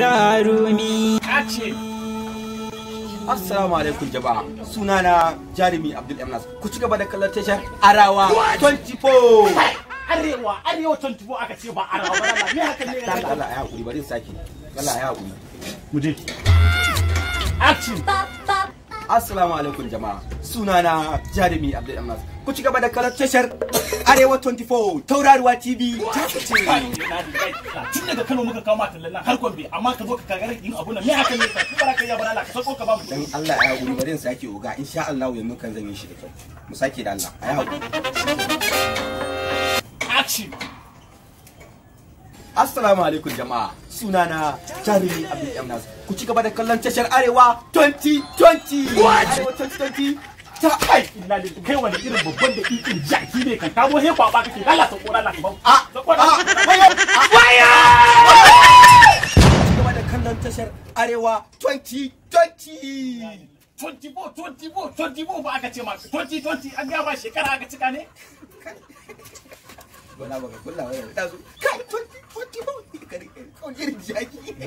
jarumi Kace! Assalamu alaikum jama'a sunana jarumi Abdul Amnas ku ci gaba da kallon tashar Arawa 24 Arewa Arewa 24 aka ce ba Arawa ba me haka ne Allah Allah ya hakuri bari saki Allah ya hakuri mu je action Assalamu alaikum jama'a sunana jarumi Abdul Amnas ku ci gaba da kallon tashar Arewa 24 Tauraruwa TV ta ce. Tun daga Kano muka kawo matan lallan har Gombe amma ka zo ka kagare yin abun nan me haka ne ka fara kai ya yaba Allah ka sako ka ba mu. Dan Allah ya hakuri bari in sake uga insha Allah yanzu kan zan yi shi da kyau. Mu sake da Allah. Ai hakuri. Action. Assalamu alaikum jama'a sunana Jarumi Abdul Yamnas ku ci gaba da kallon tashar Arewa 2020 2020 ta kai inna da kai wani irin babban da ikin jaki ne kan kamo he kwaba kake Allah sa kora Allah kamar a saboda waya waya kuma da kallon tashar arewa 2020 24 24 ba aka ce ma 2020 an gaba shekara aka cika ne wala ba kullawa ya tazo kai 2024 kare kawai irin jaki ne